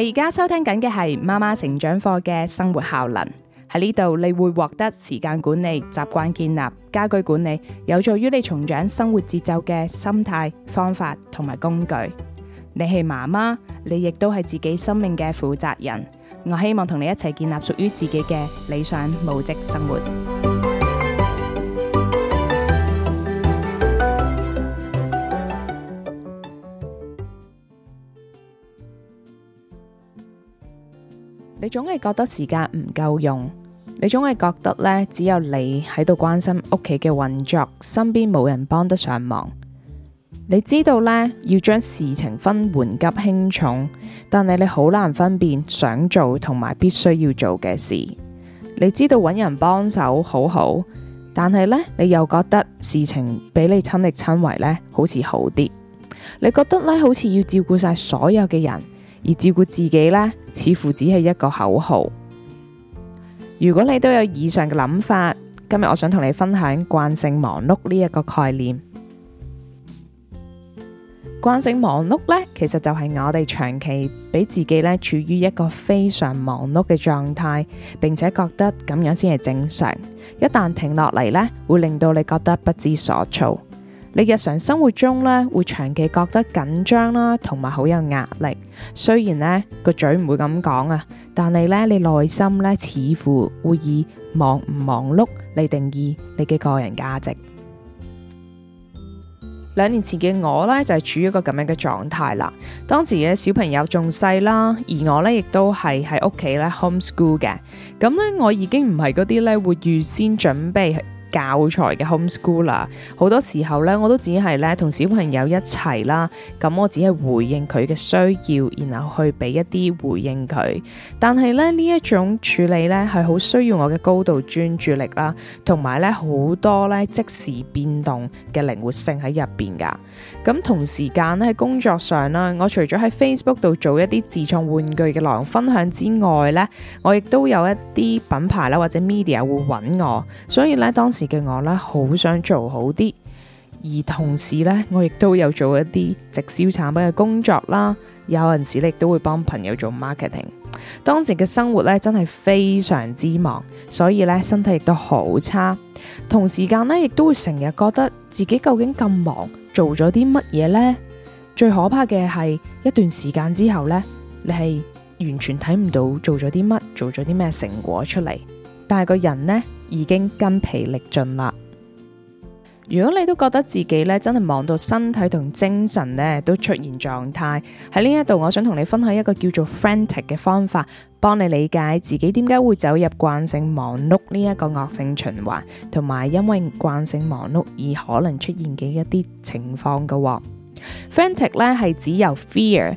你而家收聽緊嘅係媽媽成長課嘅生活效能，喺呢度你會獲得時間管理、習慣建立、家居管理，有助於你重掌生活節奏嘅心態、方法同埋工具。你係媽媽，你亦都係自己生命嘅負責人。我希望同你一齊建立屬於自己嘅理想母職生活。你總係覺得時間唔夠用，你總係覺得咧只有你喺度關心屋企嘅運作，身邊冇人幫得上忙。你知道咧要將事情分緩急輕重，但係你好難分辨想做同埋必須要做嘅事。你知道揾人幫手好好，但係咧你又覺得事情畀你親力親為咧好似好啲。你覺得咧好似要照顧晒所有嘅人。而照顧自己呢，似乎只係一個口號。如果你都有以上嘅諗法，今日我想同你分享慣性忙碌呢一個概念。慣性忙碌呢，其實就係我哋長期俾自己呢處於一個非常忙碌嘅狀態，並且覺得咁樣先係正常。一旦停落嚟呢，會令到你覺得不知所措。你日常生活中呢，會長期覺得緊張啦，同埋好有壓力。雖然呢個嘴唔會咁講啊，但係呢，你內心呢，似乎會以忙唔忙碌嚟定義你嘅個人價值。兩年前嘅我呢，就係處於一個咁樣嘅狀態啦。當時嘅小朋友仲細啦，而我呢，亦都係喺屋企呢 homeschool 嘅。咁呢，我已經唔係嗰啲呢，會預先準備。教材嘅 homeschooler，好多時候咧，我都只係咧同小朋友一齊啦，咁我只係回應佢嘅需要，然後去俾一啲回應佢。但係咧，呢一種處理咧係好需要我嘅高度專注力啦，同埋咧好多咧即時變動嘅靈活性喺入邊噶。咁、嗯、同時間咧喺工作上啦，我除咗喺 Facebook 度做一啲自創玩具嘅內容分享之外咧，我亦都有一啲品牌啦或者 media 會揾我，所以咧當時嘅我啦，好想做好啲，而同時呢，我亦都有做一啲直銷產品嘅工作啦。有陣時亦都會幫朋友做 marketing。當時嘅生活呢，真係非常之忙，所以呢，身體亦都好差。同時間呢，亦都會成日覺得自己究竟咁忙，做咗啲乜嘢呢？最可怕嘅係一段時間之後呢，你係完全睇唔到做咗啲乜，做咗啲咩成果出嚟。但係個人呢已經筋疲力盡啦。如果你都覺得自己咧真係忙到身體同精神咧都出現狀態，喺呢一度我想同你分享一個叫做 frantic 嘅方法，幫你理解自己點解會走入慣性忙碌呢一個惡性循環，同埋因為慣性忙碌而可能出現嘅一啲情況嘅喎。frantic 咧係指由 fear，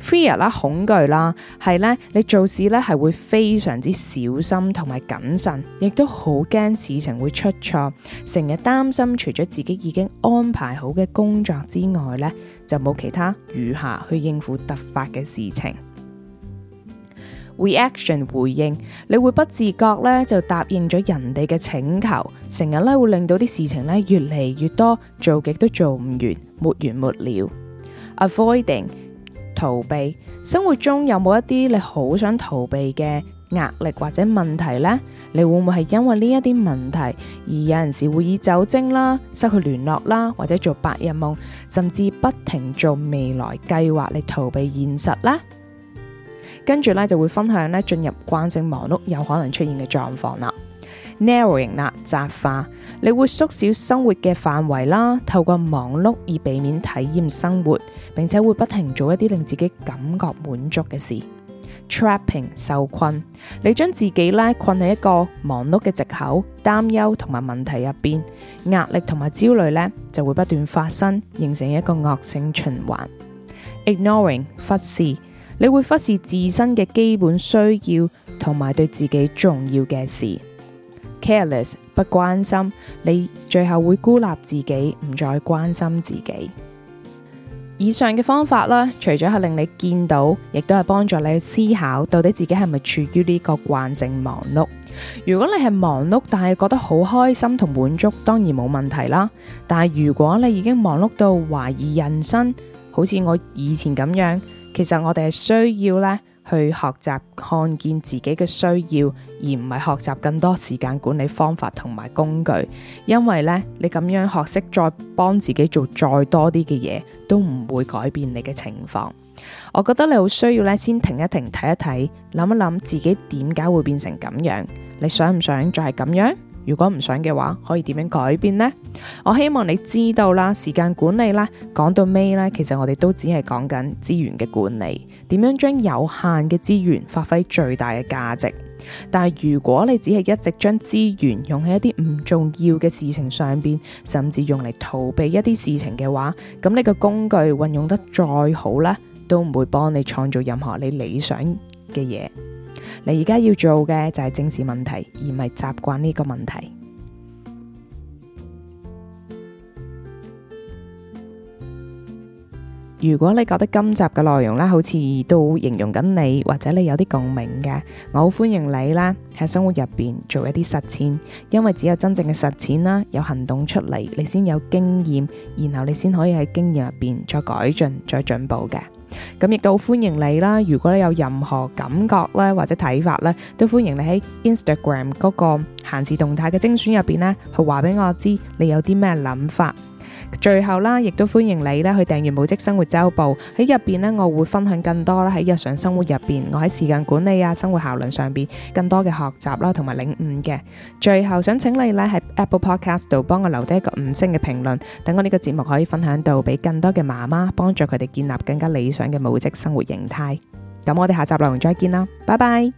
Fear 啦，恐懼啦，係咧，你做事咧係會非常之小心同埋謹慎，亦都好驚事情會出錯，成日擔心除咗自己已經安排好嘅工作之外咧，就冇其他餘下去應付突發嘅事情。Reaction 回應，你會不自覺咧就答應咗人哋嘅請求，成日咧會令到啲事情咧越嚟越多，做極都做唔完，沒完沒了。Avoiding 逃避，生活中有冇一啲你好想逃避嘅壓力或者問題呢？你會唔會係因為呢一啲問題而有陣時會以酒精啦、失去聯絡啦，或者做白日夢，甚至不停做未來計劃嚟逃避現實呢？跟住咧就會分享咧進入慣性忙碌有可能出現嘅狀況啦。Narrowing 啦，窄化，你會縮小生活嘅範圍啦。透過忙碌而避免體驗生活，並且會不停做一啲令自己感覺滿足嘅事。Trapping 受困，你將自己咧困喺一個忙碌嘅借口、擔憂同埋問題入邊，壓力同埋焦慮咧就會不斷發生，形成一個惡性循環。Ignoring 忽視，你會忽視自身嘅基本需要同埋對自己重要嘅事。Careless 不關心，你最後會孤立自己，唔再關心自己。以上嘅方法啦，除咗係令你見到，亦都係幫助你去思考，到底自己係咪處於呢個慣性忙碌。如果你係忙碌，但係覺得好開心同滿足，當然冇問題啦。但係如果你已經忙碌到懷疑人生，好似我以前咁樣，其實我哋係需要呢。去學習看見自己嘅需要，而唔係學習更多時間管理方法同埋工具，因為呢，你咁樣學識再幫自己做再多啲嘅嘢，都唔會改變你嘅情況。我覺得你好需要咧，先停一停，睇一睇，諗一諗自己點解會變成咁樣，你想唔想再係咁樣？如果唔想嘅話，可以點樣改變呢？我希望你知道啦，時間管理啦，講到尾咧，其實我哋都只係講緊資源嘅管理，點樣將有限嘅資源發揮最大嘅價值。但係如果你只係一直將資源用喺一啲唔重要嘅事情上邊，甚至用嚟逃避一啲事情嘅話，咁你個工具運用得再好咧，都唔會幫你創造任何你理想嘅嘢。你而家要做嘅就係正視問題，而唔係習慣呢個問題。如果你覺得今集嘅內容啦，好似都形容緊你，或者你有啲共鳴嘅，我好歡迎你啦，喺生活入邊做一啲實踐，因為只有真正嘅實踐啦，有行動出嚟，你先有經驗，然後你先可以喺經驗入邊再改進再進步嘅。咁亦都好歡迎你啦！如果你有任何感覺或者睇法，都歡迎你喺 Instagram 嗰個限時動態嘅精選入面，去話俾我知你有啲咩諗法。最後啦，亦都歡迎你咧去訂閱《母職生活週報》，喺入邊咧，我會分享更多啦，喺日常生活入邊，我喺時間管理啊、生活效能上邊更多嘅學習啦，同埋領悟嘅。最後想請你咧喺 Apple Podcast 度幫我留低一個五星嘅評論，等我呢個節目可以分享到俾更多嘅媽媽，幫助佢哋建立更加理想嘅母職生活形態。咁我哋下集內容再見啦，拜拜。